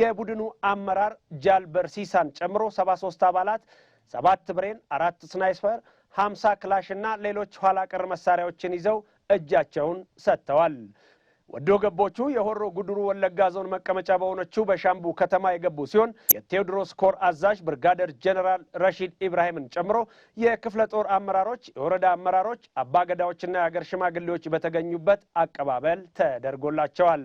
የቡድኑ አመራር ጃልበር ሲሳን ጨምሮ ሰባ አባላት ሰባት ብሬን፣ አራት ስናይፐር፣ ሀምሳ ክላሽ እና ሌሎች ኋላ ቀር መሳሪያዎችን ይዘው እጃቸውን ሰጥተዋል። ወዶ ገቦቹ የሆሮ ጉድሩ ወለጋ ዞን መቀመጫ በሆነችው በሻምቡ ከተማ የገቡ ሲሆን የቴዎድሮስ ኮር አዛዥ ብርጋደር ጀነራል ረሺድ ኢብራሂምን ጨምሮ የክፍለ ጦር አመራሮች፣ የወረዳ አመራሮች፣ አባገዳዎችና የሀገር ሽማግሌዎች በተገኙበት አቀባበል ተደርጎላቸዋል።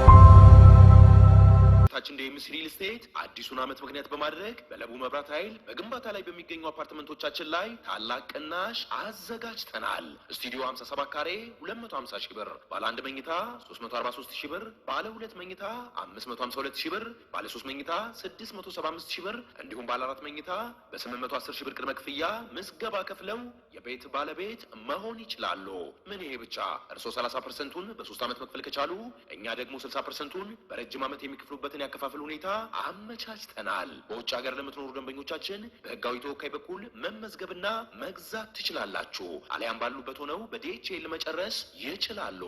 የራሳችን ዴምስ ሪል ስቴት አዲሱን ዓመት ምክንያት በማድረግ በለቡ መብራት ኃይል በግንባታ ላይ በሚገኙ አፓርትመንቶቻችን ላይ ታላቅ ቅናሽ አዘጋጅተናል። ስቱዲዮ 57 ካሬ 250 ሺህ ብር፣ ባለ አንድ መኝታ 343 ሺህ ብር፣ ባለ ሁለት መኝታ 552 ሺህ ብር፣ ባለ ሶስት መኝታ 675 ሺህ ብር እንዲሁም ባለ አራት መኝታ በ810 ሺህ ብር ቅድመ ክፍያ ምዝገባ ከፍለው የቤት ባለቤት መሆን ይችላሉ። ምን ይሄ ብቻ! እርስዎ 30 ፐርሰንቱን በሶስት ዓመት መክፈል ከቻሉ እኛ ደግሞ 60 ፐርሰንቱን በረጅም ዓመት የሚከፍሉበትን የአከፋፈል ሁኔታ አመቻችተናል። በውጭ ሀገር ለምትኖሩ ደንበኞቻችን በህጋዊ ተወካይ በኩል መመዝገብና መግዛት ትችላላችሁ። አሊያም ባሉበት ሆነው በዲኤችኤል መጨረስ ይችላሉ።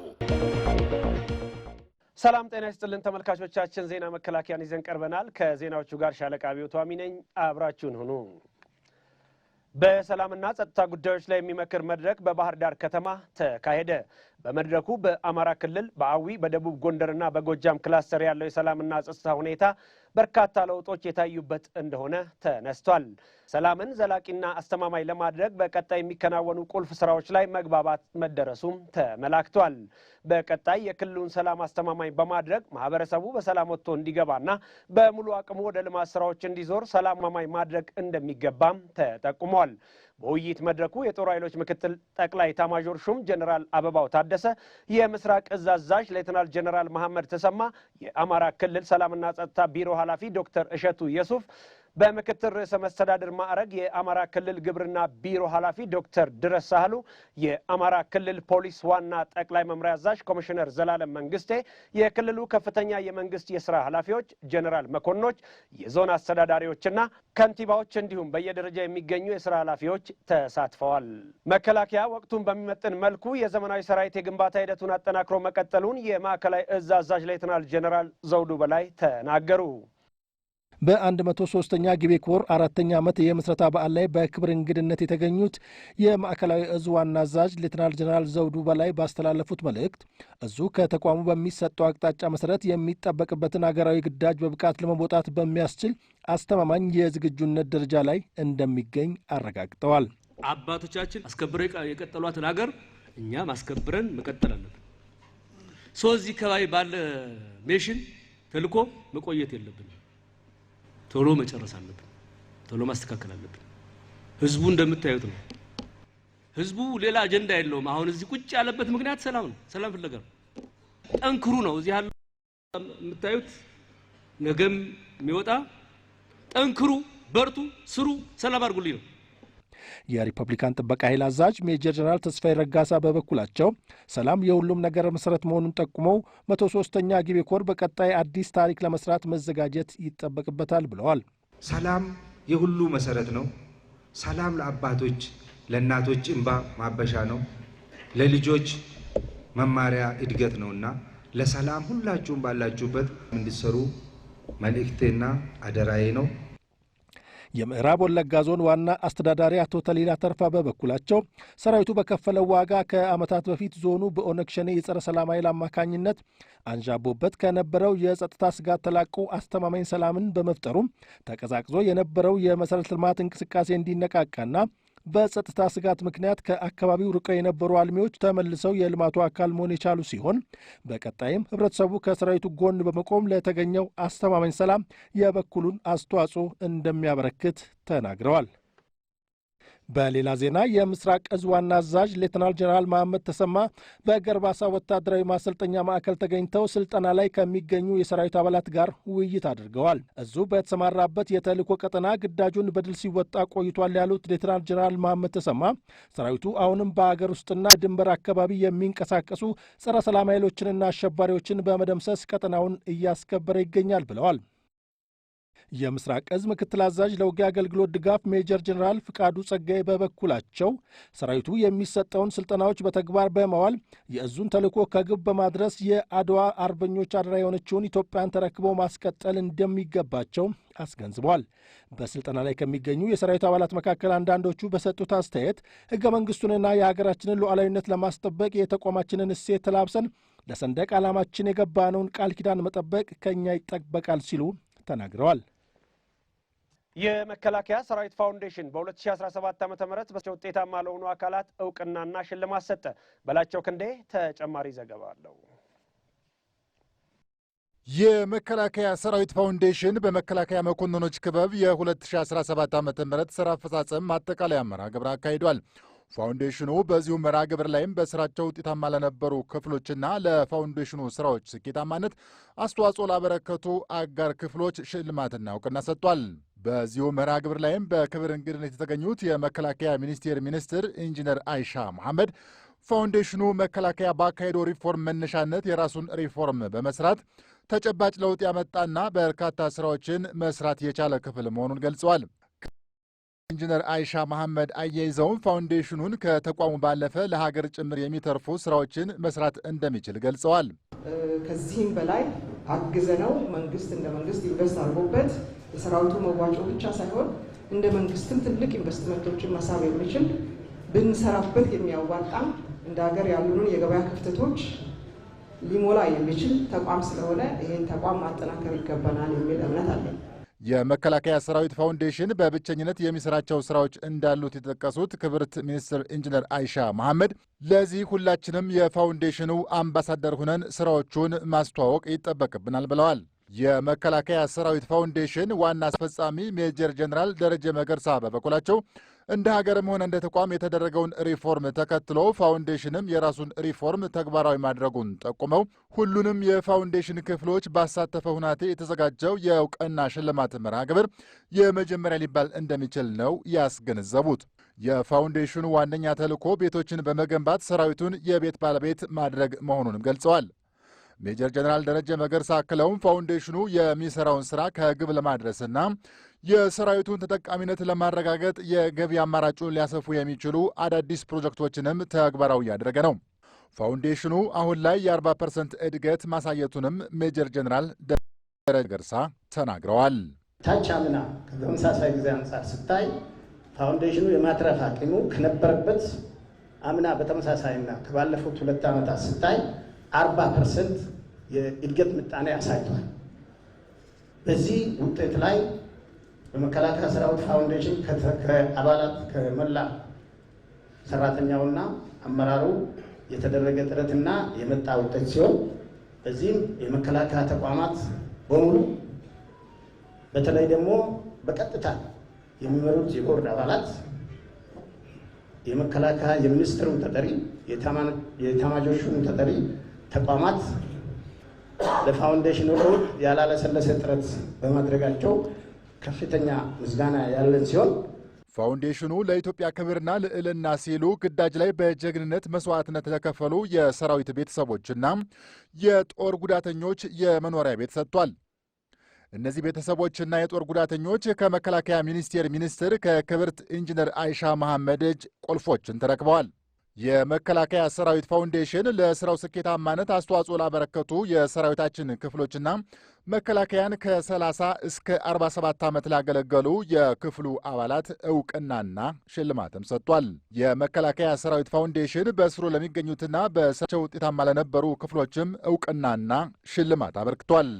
ሰላም ጤና ይስጥልን ተመልካቾቻችን፣ ዜና መከላከያን ይዘን ቀርበናል። ከዜናዎቹ ጋር ሻለቃ ቢዮቱ አሚ ነኝ። አብራችሁን ሁኑ። በሰላምና ጸጥታ ጉዳዮች ላይ የሚመክር መድረክ በባህር ዳር ከተማ ተካሄደ። በመድረኩ በአማራ ክልል በአዊ በደቡብ ጎንደርና በጎጃም ክላስተር ያለው የሰላምና ጸጥታ ሁኔታ በርካታ ለውጦች የታዩበት እንደሆነ ተነስቷል። ሰላምን ዘላቂና አስተማማኝ ለማድረግ በቀጣይ የሚከናወኑ ቁልፍ ስራዎች ላይ መግባባት መደረሱም ተመላክቷል። በቀጣይ የክልሉን ሰላም አስተማማኝ በማድረግ ማህበረሰቡ በሰላም ወጥቶ እንዲገባና በሙሉ አቅሙ ወደ ልማት ስራዎች እንዲዞር ሰላም ማማኝ ማድረግ እንደሚገባም ተጠቁሟል። በውይይት መድረኩ የጦር ኃይሎች ምክትል ጠቅላይ ታማዦር ሹም ጀኔራል አበባው ታደሰ፣ የምስራቅ እዝ አዛዥ ሌተናል ጀኔራል መሐመድ ተሰማ፣ የአማራ ክልል ሰላምና ጸጥታ ቢሮ ኃላፊ ዶክተር እሸቱ የሱፍ በምክትል ርዕሰ መስተዳድር ማዕረግ የአማራ ክልል ግብርና ቢሮ ኃላፊ ዶክተር ድረስ ሳህሉ፣ የአማራ ክልል ፖሊስ ዋና ጠቅላይ መምሪያ አዛዥ ኮሚሽነር ዘላለም መንግስቴ፣ የክልሉ ከፍተኛ የመንግስት የስራ ኃላፊዎች፣ ጀኔራል መኮንኖች፣ የዞን አስተዳዳሪዎችና ከንቲባዎች እንዲሁም በየደረጃ የሚገኙ የስራ ኃላፊዎች ተሳትፈዋል። መከላከያ ወቅቱን በሚመጥን መልኩ የዘመናዊ ሰራዊት የግንባታ ሂደቱን አጠናክሮ መቀጠሉን የማዕከላዊ እዝ አዛዥ ሌተናል ጀኔራል ዘውዱ በላይ ተናገሩ። በ103ኛ ጊቤክ ወር አራተኛ ዓመት የምስረታ በዓል ላይ በክብር እንግድነት የተገኙት የማዕከላዊ እዙ ዋና አዛዥ ሌትናል ጀነራል ዘውዱ በላይ ባስተላለፉት መልእክት እዙ ከተቋሙ በሚሰጠው አቅጣጫ መሰረት የሚጠበቅበትን አገራዊ ግዳጅ በብቃት ለመወጣት በሚያስችል አስተማማኝ የዝግጁነት ደረጃ ላይ እንደሚገኝ አረጋግጠዋል። አባቶቻችን አስከብረው የቀጠሏትን ሀገር እኛም አስከብረን መቀጠል አለብን። ሰው እዚህ ከባቢ ባለ ሜሽን ተልኮ መቆየት የለብንም። ቶሎ መጨረስ አለብን። ቶሎ ማስተካከል አለብን። ህዝቡ እንደምታዩት ነው። ህዝቡ ሌላ አጀንዳ የለውም። አሁን እዚህ ቁጭ ያለበት ምክንያት ሰላም ነው። ሰላም ፍለጋ ነው። ጠንክሩ ነው። እዚህ ያለው የምታዩት ነገም የሚወጣ ጠንክሩ፣ በርቱ፣ ስሩ፣ ሰላም አድርጉልኝ ነው። የሪፐብሊካን ጥበቃ ኃይል አዛዥ ሜጀር ጀነራል ተስፋዬ ረጋሳ በበኩላቸው ሰላም የሁሉም ነገር መሰረት መሆኑን ጠቁመው መቶ ሶስተኛ ጊቤ ኮር በቀጣይ አዲስ ታሪክ ለመስራት መዘጋጀት ይጠበቅበታል ብለዋል። ሰላም የሁሉ መሰረት ነው። ሰላም ለአባቶች ለእናቶች እንባ ማበሻ ነው፣ ለልጆች መማሪያ እድገት ነውና ለሰላም ሁላችሁም ባላችሁበት እንድትሰሩ መልእክቴና አደራዬ ነው። የምዕራብ ወለጋ ዞን ዋና አስተዳዳሪ አቶ ተሊላ ተርፋ በበኩላቸው ሰራዊቱ በከፈለው ዋጋ ከዓመታት በፊት ዞኑ በኦነግ ሸኔ የጸረ ሰላም ኃይል አማካኝነት አንዣቦበት ከነበረው የጸጥታ ስጋት ተላቆ አስተማማኝ ሰላምን በመፍጠሩም ተቀዛቅዞ የነበረው የመሠረተ ልማት እንቅስቃሴ እንዲነቃቃና በጸጥታ ስጋት ምክንያት ከአካባቢው ርቀው የነበሩ አልሚዎች ተመልሰው የልማቱ አካል መሆን የቻሉ ሲሆን በቀጣይም ህብረተሰቡ ከሰራዊቱ ጎን በመቆም ለተገኘው አስተማማኝ ሰላም የበኩሉን አስተዋጽኦ እንደሚያበረክት ተናግረዋል። በሌላ ዜና የምስራቅ እዝ ዋና አዛዥ ሌትናል ጀነራል መሐመድ ተሰማ በገርባሳ ወታደራዊ ማሰልጠኛ ማዕከል ተገኝተው ስልጠና ላይ ከሚገኙ የሰራዊት አባላት ጋር ውይይት አድርገዋል። እዙ በተሰማራበት የተልእኮ ቀጠና ግዳጁን በድል ሲወጣ ቆይቷል ያሉት ሌትናል ጀነራል መሐመድ ተሰማ ሰራዊቱ አሁንም በአገር ውስጥና ድንበር አካባቢ የሚንቀሳቀሱ ጸረ ሰላም ኃይሎችንና አሸባሪዎችን በመደምሰስ ቀጠናውን እያስከበረ ይገኛል ብለዋል። የምስራቅ እዝ ምክትል አዛዥ ለውጊያ አገልግሎት ድጋፍ ሜጀር ጀኔራል ፍቃዱ ጸጋዬ በበኩላቸው ሰራዊቱ የሚሰጠውን ስልጠናዎች በተግባር በመዋል የእዙን ተልዕኮ ከግብ በማድረስ የአድዋ አርበኞች አደራ የሆነችውን ኢትዮጵያን ተረክበው ማስቀጠል እንደሚገባቸው አስገንዝቧል። በስልጠና ላይ ከሚገኙ የሰራዊቱ አባላት መካከል አንዳንዶቹ በሰጡት አስተያየት ህገ መንግስቱንና የሀገራችንን ሉዓላዊነት ለማስጠበቅ የተቋማችንን እሴት ተላብሰን ለሰንደቅ ዓላማችን የገባነውን ቃል ኪዳን መጠበቅ ከእኛ ይጠበቃል ሲሉ ተናግረዋል። የመከላከያ ሰራዊት ፋውንዴሽን በ2017 ዓ ም ውጤታማ ለሆኑ አካላት እውቅናና ሽልማት ሰጠ። በላቸው ክንዴ ተጨማሪ ዘገባ አለው። የመከላከያ ሰራዊት ፋውንዴሽን በመከላከያ መኮንኖች ክበብ የ2017 ዓ ም ስራ አፈጻጸም ማጠቃለያ አመራ ግብር አካሂዷል። ፋውንዴሽኑ በዚሁ መርሃ ግብር ላይም በስራቸው ውጤታማ ለነበሩ ክፍሎችና ለፋውንዴሽኑ ስራዎች ስኬታማነት አስተዋጽኦ ላበረከቱ አጋር ክፍሎች ሽልማትና እውቅና ሰጥቷል። በዚሁ መርሃ ግብር ላይም በክብር እንግድነት የተገኙት የመከላከያ ሚኒስቴር ሚኒስትር ኢንጂነር አይሻ መሐመድ ፋውንዴሽኑ መከላከያ ባካሄደው ሪፎርም መነሻነት የራሱን ሪፎርም በመስራት ተጨባጭ ለውጥ ያመጣና በርካታ ስራዎችን መስራት የቻለ ክፍል መሆኑን ገልጸዋል። ኢንጂነር አይሻ መሐመድ አያይዘውም ፋውንዴሽኑን ከተቋሙ ባለፈ ለሀገር ጭምር የሚተርፉ ስራዎችን መስራት እንደሚችል ገልጸዋል። ከዚህም በላይ አግዘ ነው መንግስት እንደ መንግስት ኢንቨስት አድርጎበት የሰራዊቱ መዋጮ ብቻ ሳይሆን እንደ መንግስትም ትልቅ ኢንቨስትመንቶችን መሳብ የሚችል ብንሰራበት የሚያዋጣም እንደ ሀገር ያሉንን የገበያ ክፍተቶች ሊሞላ የሚችል ተቋም ስለሆነ ይህን ተቋም ማጠናከር ይገባናል የሚል እምነት አለን። የመከላከያ ሰራዊት ፋውንዴሽን በብቸኝነት የሚሰራቸው ስራዎች እንዳሉት የጠቀሱት ክብርት ሚኒስትር ኢንጂነር አይሻ መሐመድ ለዚህ ሁላችንም የፋውንዴሽኑ አምባሳደር ሁነን ስራዎቹን ማስተዋወቅ ይጠበቅብናል ብለዋል። የመከላከያ ሰራዊት ፋውንዴሽን ዋና አስፈጻሚ ሜጀር ጀኔራል ደረጀ መገርሳ በበኩላቸው እንደ ሀገርም ሆነ እንደ ተቋም የተደረገውን ሪፎርም ተከትሎ ፋውንዴሽንም የራሱን ሪፎርም ተግባራዊ ማድረጉን ጠቁመው ሁሉንም የፋውንዴሽን ክፍሎች ባሳተፈ ሁናቴ የተዘጋጀው የእውቅና ሽልማት መርሃ ግብር የመጀመሪያ ሊባል እንደሚችል ነው ያስገነዘቡት። የፋውንዴሽኑ ዋነኛ ተልዕኮ ቤቶችን በመገንባት ሰራዊቱን የቤት ባለቤት ማድረግ መሆኑንም ገልጸዋል። ሜጀር ጀነራል ደረጀ መገርሳ አክለውም ፋውንዴሽኑ የሚሰራውን ስራ ከግብ ለማድረስና የሰራዊቱን ተጠቃሚነት ለማረጋገጥ የገቢ አማራጩን ሊያሰፉ የሚችሉ አዳዲስ ፕሮጀክቶችንም ተግባራዊ እያደረገ ነው። ፋውንዴሽኑ አሁን ላይ የ40 ፐርሰንት እድገት ማሳየቱንም ሜጀር ጀኔራል ደረጀ ገርሳ ተናግረዋል። ታች አምና ከተመሳሳይ ጊዜ አንጻር ስታይ ፋውንዴሽኑ የማትረፍ አቅሙ ከነበረበት አምና በተመሳሳይና ከባለፉት ሁለት ዓመታት ስታይ 40 ፐርሰንት የእድገት ምጣኔ አሳይቷል። በዚህ ውጤት ላይ በመከላከያ ሰራዊት ፋውንዴሽን ከአባላት ከመላ ሰራተኛውና አመራሩ የተደረገ ጥረትና የመጣ ውጤት ሲሆን በዚህም የመከላከያ ተቋማት በሙሉ በተለይ ደግሞ በቀጥታ የሚመሩት የቦርድ አባላት የመከላከያ የሚኒስትሩን ተጠሪ የተማጆቹን ተጠሪ ተቋማት ለፋውንዴሽን ያላለሰለሰ ጥረት በማድረጋቸው ከፍተኛ ምስጋና ያለን ሲሆን ፋውንዴሽኑ ለኢትዮጵያ ክብርና ልዕልና ሲሉ ግዳጅ ላይ በጀግንነት መስዋዕትነት የተከፈሉ የሰራዊት ቤተሰቦችና የጦር ጉዳተኞች የመኖሪያ ቤት ሰጥቷል። እነዚህ ቤተሰቦችና የጦር ጉዳተኞች ከመከላከያ ሚኒስቴር ሚኒስትር ከክብርት ኢንጂነር አይሻ መሐመድ እጅ ቁልፎችን ተረክበዋል። የመከላከያ ሰራዊት ፋውንዴሽን ለስራው ስኬታማነት አስተዋጽኦ ላበረከቱ የሰራዊታችን ክፍሎችና መከላከያን ከ30 እስከ 47 ዓመት ላገለገሉ የክፍሉ አባላት እውቅናና ሽልማትም ሰጥቷል። የመከላከያ ሰራዊት ፋውንዴሽን በስሩ ለሚገኙትና በስራቸው ውጤታማ ለነበሩ ክፍሎችም እውቅናና ሽልማት አበርክቷል።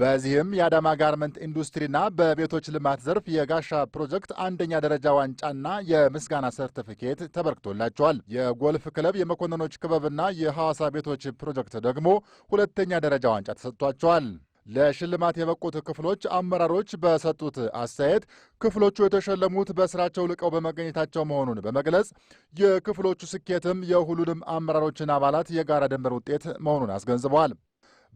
በዚህም የአዳማ ጋርመንት ኢንዱስትሪና በቤቶች ልማት ዘርፍ የጋሻ ፕሮጀክት አንደኛ ደረጃ ዋንጫና የምስጋና ሰርቲፊኬት ተበርክቶላቸዋል። የጎልፍ ክለብ፣ የመኮንኖች ክበብና የሐዋሳ ቤቶች ፕሮጀክት ደግሞ ሁለተኛ ደረጃ ዋንጫ ተሰጥቷቸዋል። ለሽልማት የበቁት ክፍሎች አመራሮች በሰጡት አስተያየት ክፍሎቹ የተሸለሙት በስራቸው ልቀው በመገኘታቸው መሆኑን በመግለጽ የክፍሎቹ ስኬትም የሁሉንም አመራሮችን አባላት የጋራ ድምር ውጤት መሆኑን አስገንዝበዋል።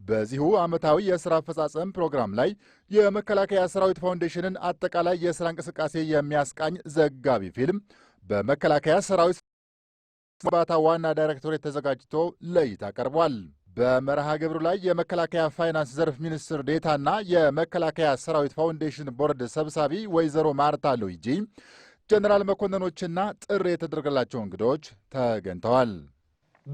በዚሁ ዓመታዊ የሥራ አፈጻጸም ፕሮግራም ላይ የመከላከያ ሰራዊት ፋውንዴሽንን አጠቃላይ የሥራ እንቅስቃሴ የሚያስቃኝ ዘጋቢ ፊልም በመከላከያ ሰራዊት ግንባታ ዋና ዳይሬክቶሬት ተዘጋጅቶ ለእይታ ቀርቧል። በመርሃ ግብሩ ላይ የመከላከያ ፋይናንስ ዘርፍ ሚኒስትር ዴታና የመከላከያ ሰራዊት ፋውንዴሽን ቦርድ ሰብሳቢ ወይዘሮ ማርታ ሉዊጂ ጀኔራል መኮንኖችና ጥሪ የተደረገላቸው እንግዶች ተገኝተዋል።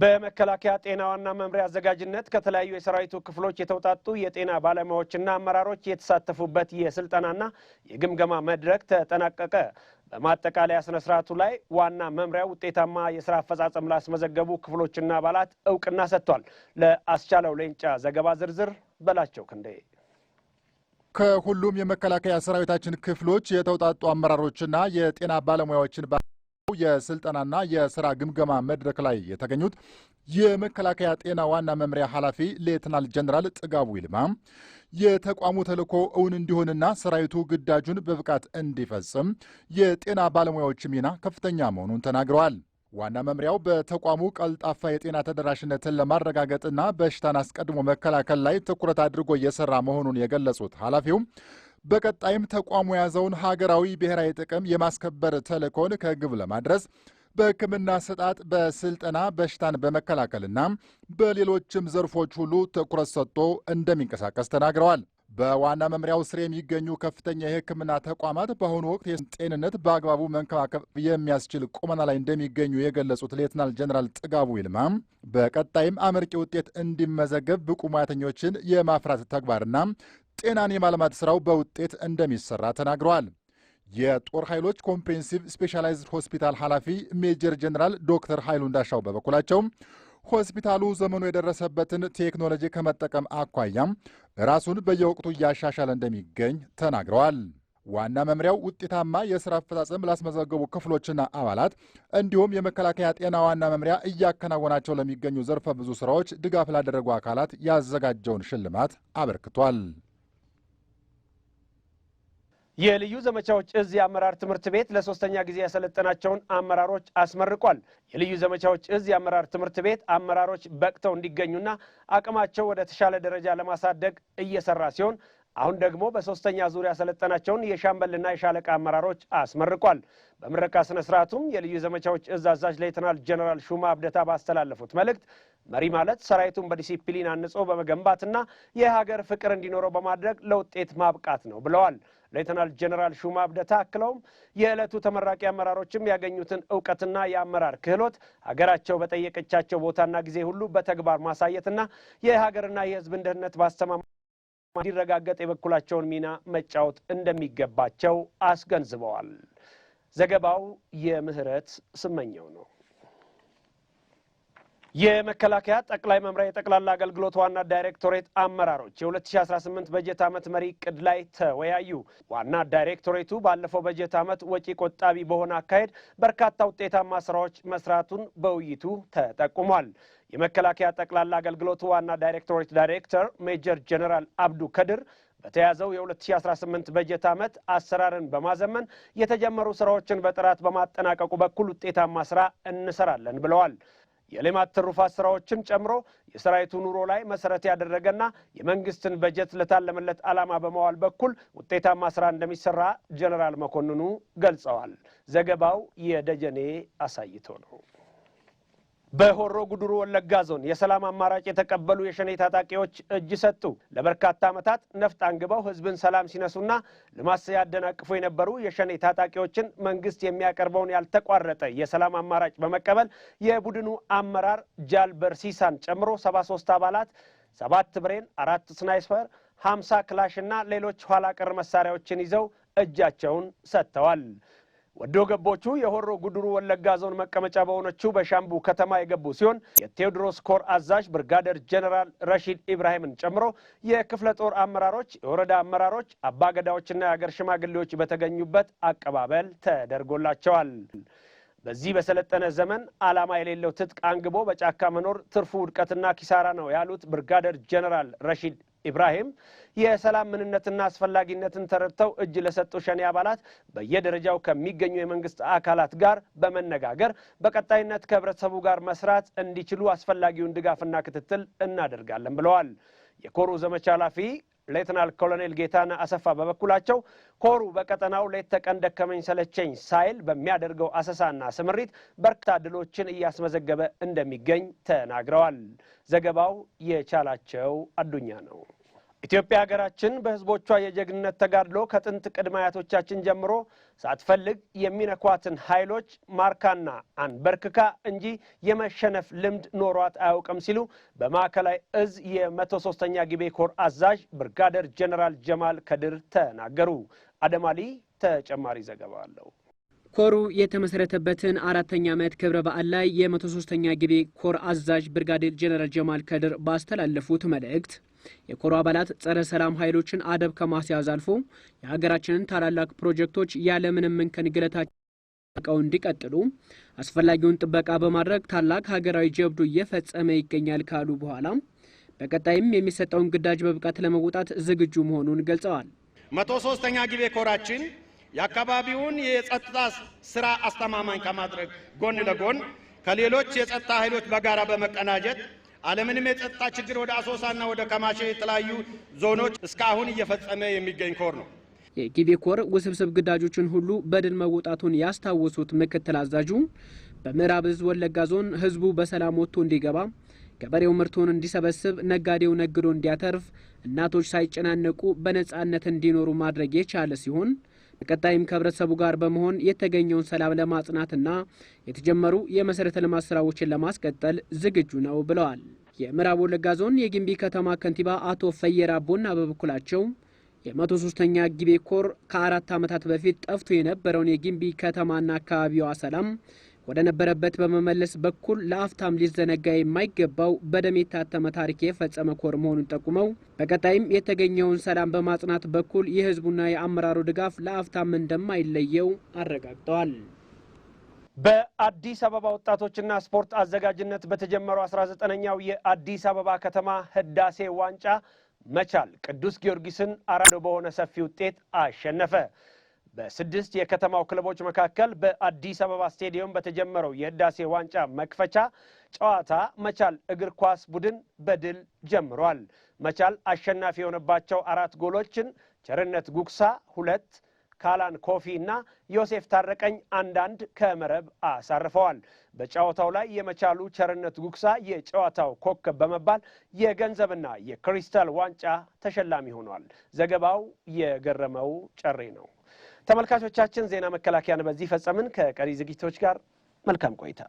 በመከላከያ ጤና ዋና መምሪያ አዘጋጅነት ከተለያዩ የሰራዊቱ ክፍሎች የተውጣጡ የጤና ባለሙያዎችና አመራሮች የተሳተፉበት የስልጠናና የግምገማ መድረክ ተጠናቀቀ። በማጠቃለያ ስነ ስርዓቱ ላይ ዋና መምሪያ ውጤታማ የስራ አፈጻጸም ላስመዘገቡ ክፍሎችና አባላት እውቅና ሰጥቷል። ለአስቻለው ሌንጫ ዘገባ ዝርዝር በላቸው ክንዴ። ከሁሉም የመከላከያ ሰራዊታችን ክፍሎች የተውጣጡ አመራሮችና የጤና ባለሙያዎችን የስልጠናና የስራ ግምገማ መድረክ ላይ የተገኙት የመከላከያ ጤና ዋና መምሪያ ኃላፊ ሌትናል ጀነራል ጥጋቡ ይልማ የተቋሙ ተልዕኮ እውን እንዲሆንና ሰራዊቱ ግዳጁን በብቃት እንዲፈጽም የጤና ባለሙያዎች ሚና ከፍተኛ መሆኑን ተናግረዋል። ዋና መምሪያው በተቋሙ ቀልጣፋ የጤና ተደራሽነትን ለማረጋገጥና በሽታን አስቀድሞ መከላከል ላይ ትኩረት አድርጎ እየሰራ መሆኑን የገለጹት ኃላፊው በቀጣይም ተቋሙ የያዘውን ሀገራዊ ብሔራዊ ጥቅም የማስከበር ተልእኮን ከግብ ለማድረስ በሕክምና አሰጣጥ፣ በስልጠና፣ በሽታን በመከላከልና በሌሎችም ዘርፎች ሁሉ ትኩረት ሰጥቶ እንደሚንቀሳቀስ ተናግረዋል። በዋና መምሪያው ስር የሚገኙ ከፍተኛ የሕክምና ተቋማት በአሁኑ ወቅት ጤንነት በአግባቡ መንከባከብ የሚያስችል ቁመና ላይ እንደሚገኙ የገለጹት ሌትናል ጀኔራል ጥጋቡ ይልማ በቀጣይም አመርቂ ውጤት እንዲመዘገብ ብቁ ሙያተኞችን የማፍራት ተግባርና ጤናን የማልማት ስራው በውጤት እንደሚሰራ ተናግረዋል። የጦር ኃይሎች ኮምፕሬንሲቭ ስፔሻላይዝድ ሆስፒታል ኃላፊ ሜጀር ጀኔራል ዶክተር ኃይሉ እንዳሻው በበኩላቸው ሆስፒታሉ ዘመኑ የደረሰበትን ቴክኖሎጂ ከመጠቀም አኳያም ራሱን በየወቅቱ እያሻሻለ እንደሚገኝ ተናግረዋል። ዋና መምሪያው ውጤታማ የስራ አፈጻጸም ላስመዘገቡ ክፍሎችና አባላት እንዲሁም የመከላከያ ጤና ዋና መምሪያ እያከናወናቸው ለሚገኙ ዘርፈ ብዙ ስራዎች ድጋፍ ላደረጉ አካላት ያዘጋጀውን ሽልማት አበርክቷል። የልዩ ዘመቻዎች እዝ የአመራር ትምህርት ቤት ለሶስተኛ ጊዜ ያሰለጠናቸውን አመራሮች አስመርቋል። የልዩ ዘመቻዎች እዝ የአመራር ትምህርት ቤት አመራሮች በቅተው እንዲገኙና አቅማቸው ወደ ተሻለ ደረጃ ለማሳደግ እየሰራ ሲሆን አሁን ደግሞ በሶስተኛ ዙር ያሰለጠናቸውን የሻምበልና የሻለቃ አመራሮች አስመርቋል። በምረቃ ስነ ስርዓቱም የልዩ ዘመቻዎች እዝ አዛዥ ሌተናል ጀነራል ሹማ አብደታ ባስተላለፉት መልእክት መሪ ማለት ሰራዊቱን በዲሲፕሊን አንጾ በመገንባትና የሀገር ፍቅር እንዲኖረው በማድረግ ለውጤት ማብቃት ነው ብለዋል። ሌተናል ጀነራል ሹማ አብደታ አክለውም የዕለቱ ተመራቂ አመራሮችም ያገኙትን እውቀትና የአመራር ክህሎት ሀገራቸው በጠየቀቻቸው ቦታና ጊዜ ሁሉ በተግባር ማሳየትና የሀገርና የሕዝብን ደህንነት ባስተማማ እንዲረጋገጥ የበኩላቸውን ሚና መጫወት እንደሚገባቸው አስገንዝበዋል። ዘገባው የምህረት ስመኘው ነው። የመከላከያ ጠቅላይ መምሪያ የጠቅላላ አገልግሎት ዋና ዳይሬክቶሬት አመራሮች የ2018 በጀት ዓመት መሪ እቅድ ላይ ተወያዩ። ዋና ዳይሬክቶሬቱ ባለፈው በጀት ዓመት ወጪ ቆጣቢ በሆነ አካሄድ በርካታ ውጤታማ ስራዎች መስራቱን በውይይቱ ተጠቁሟል። የመከላከያ ጠቅላላ አገልግሎት ዋና ዳይሬክቶሬት ዳይሬክተር ሜጀር ጀነራል አብዱ ከድር በተያዘው የ2018 በጀት ዓመት አሰራርን በማዘመን የተጀመሩ ስራዎችን በጥራት በማጠናቀቁ በኩል ውጤታማ ስራ እንሰራለን ብለዋል። የሌማት ትሩፋት ስራዎችን ጨምሮ የሰራዊቱ ኑሮ ላይ መሰረት ያደረገና የመንግስትን በጀት ለታለመለት ዓላማ በመዋል በኩል ውጤታማ ስራ እንደሚሰራ ጀነራል መኮንኑ ገልጸዋል። ዘገባው የደጀኔ አሳይቶ ነው። በሆሮ ጉድሩ ወለጋ ዞን የሰላም አማራጭ የተቀበሉ የሸኔ ታጣቂዎች እጅ ሰጡ። ለበርካታ ዓመታት ነፍጥ አንግበው ሕዝብን ሰላም ሲነሱና ልማት ሲያደናቅፉ የነበሩ የሸኔ ታጣቂዎችን መንግስት የሚያቀርበውን ያልተቋረጠ የሰላም አማራጭ በመቀበል የቡድኑ አመራር ጃልበር ሲሳን ጨምሮ 73 አባላት፣ ሰባት ብሬን፣ አራት ስናይፐር፣ 50 ክላሽ እና ሌሎች ኋላ ቀር መሳሪያዎችን ይዘው እጃቸውን ሰጥተዋል። ወዶ ገቦቹ የሆሮ ጉድሩ ወለጋ ዞን መቀመጫ በሆነችው በሻምቡ ከተማ የገቡ ሲሆን የቴዎድሮስ ኮር አዛዥ ብርጋደር ጀነራል ረሺድ ኢብራሂምን ጨምሮ የክፍለ ጦር አመራሮች፣ የወረዳ አመራሮች፣ አባገዳዎችና የአገር ሽማግሌዎች በተገኙበት አቀባበል ተደርጎላቸዋል። በዚህ በሰለጠነ ዘመን ዓላማ የሌለው ትጥቅ አንግቦ በጫካ መኖር ትርፉ ውድቀትና ኪሳራ ነው ያሉት ብርጋደር ጀነራል ረሺድ ኢብራሂም የሰላም ምንነትና አስፈላጊነትን ተረድተው እጅ ለሰጡ ሸኔ አባላት በየደረጃው ከሚገኙ የመንግስት አካላት ጋር በመነጋገር በቀጣይነት ከህብረተሰቡ ጋር መስራት እንዲችሉ አስፈላጊውን ድጋፍና ክትትል እናደርጋለን ብለዋል። የኮሩ ዘመቻ ኃላፊ ሌትናል ኮሎኔል ጌታነህ አሰፋ በበኩላቸው ኮሩ በቀጠናው ሌት ተቀን ደከመኝ ሰለቸኝ ሳይል በሚያደርገው አሰሳና ስምሪት በርካታ ድሎችን እያስመዘገበ እንደሚገኝ ተናግረዋል። ዘገባው የቻላቸው አዱኛ ነው። ኢትዮጵያ ሀገራችን በህዝቦቿ የጀግንነት ተጋድሎ ከጥንት ቅድመ አያቶቻችን ጀምሮ ሳትፈልግ የሚነኳትን ኃይሎች ማርካና አንበርክካ እንጂ የመሸነፍ ልምድ ኖሯት አያውቅም ሲሉ በማዕከላዊ እዝ የመቶ ሶስተኛ ጊቤ ኮር አዛዥ ብርጋደር ጀነራል ጀማል ከድር ተናገሩ። አደማሊ ተጨማሪ ዘገባ አለው። ኮሩ የተመሰረተበትን አራተኛ ዓመት ክብረ በዓል ላይ የመቶ ሶስተኛ ጊቤ ኮር አዛዥ ብርጋዴር ጀነራል ጀማል ከድር ባስተላለፉት መልእክት የኮሮ አባላት ጸረ ሰላም ኃይሎችን አደብ ከማስያዝ አልፎ የሀገራችንን ታላላቅ ፕሮጀክቶች ያለምንም እንከን ግለታቸው ቀው እንዲቀጥሉ አስፈላጊውን ጥበቃ በማድረግ ታላቅ ሀገራዊ ጀብዱ እየፈጸመ ይገኛል ካሉ በኋላ በቀጣይም የሚሰጠውን ግዳጅ በብቃት ለመውጣት ዝግጁ መሆኑን ገልጸዋል። መቶ ሶስተኛ ጊቤ ኮራችን የአካባቢውን የጸጥታ ስራ አስተማማኝ ከማድረግ ጎን ለጎን ከሌሎች የጸጥታ ኃይሎች በጋራ በመቀናጀት አለምንም የጸጥታ ችግር ወደ አሶሳና ወደ ከማሼ የተለያዩ ዞኖች እስካሁን እየፈጸመ የሚገኝ ኮር ነው። የጊቤ ኮር ውስብስብ ግዳጆችን ሁሉ በድል መወጣቱን ያስታወሱት ምክትል አዛዡ በምዕራብ እዝ ወለጋ ዞን ህዝቡ በሰላም ወጥቶ እንዲገባ፣ ገበሬው ምርቱን እንዲሰበስብ፣ ነጋዴው ነግዶ እንዲያተርፍ፣ እናቶች ሳይጨናነቁ በነፃነት እንዲኖሩ ማድረግ የቻለ ሲሆን በቀጣይም ከህብረተሰቡ ጋር በመሆን የተገኘውን ሰላም ለማጽናትና የተጀመሩ የመሰረተ ልማት ስራዎችን ለማስቀጠል ዝግጁ ነው ብለዋል። የምዕራብ ወለጋ ዞን የግንቢ ከተማ ከንቲባ አቶ ፈየራ ቦና በበኩላቸው የመቶ ሶስተኛ ጊቤ ኮር ከአራት ዓመታት በፊት ጠፍቶ የነበረውን የግንቢ ከተማና አካባቢዋ ሰላም ወደ ነበረበት በመመለስ በኩል ለአፍታም ሊዘነጋ የማይገባው በደም የታተመ ታሪክ የፈጸመ ኮር መሆኑን ጠቁመው በቀጣይም የተገኘውን ሰላም በማጽናት በኩል የህዝቡና የአመራሩ ድጋፍ ለአፍታም እንደማይለየው አረጋግጠዋል። በአዲስ አበባ ወጣቶችና ስፖርት አዘጋጅነት በተጀመረው 19ኛው የአዲስ አበባ ከተማ ህዳሴ ዋንጫ መቻል ቅዱስ ጊዮርጊስን አራዶ በሆነ ሰፊ ውጤት አሸነፈ። በስድስት የከተማው ክለቦች መካከል በአዲስ አበባ ስቴዲየም በተጀመረው የህዳሴ ዋንጫ መክፈቻ ጨዋታ መቻል እግር ኳስ ቡድን በድል ጀምሯል። መቻል አሸናፊ የሆነባቸው አራት ጎሎችን ቸርነት ጉግሳ ሁለት፣ ካላን ኮፊ እና ዮሴፍ ታረቀኝ አንዳንድ ከመረብ አሳርፈዋል። በጨዋታው ላይ የመቻሉ ቸርነት ጉግሳ የጨዋታው ኮከብ በመባል የገንዘብና የክሪስታል ዋንጫ ተሸላሚ ሆኗል። ዘገባው የገረመው ጨሬ ነው። ተመልካቾቻችን ዜና መከላከያን በዚህ ፈጸምን። ከቀሪ ዝግጅቶች ጋር መልካም ቆይታ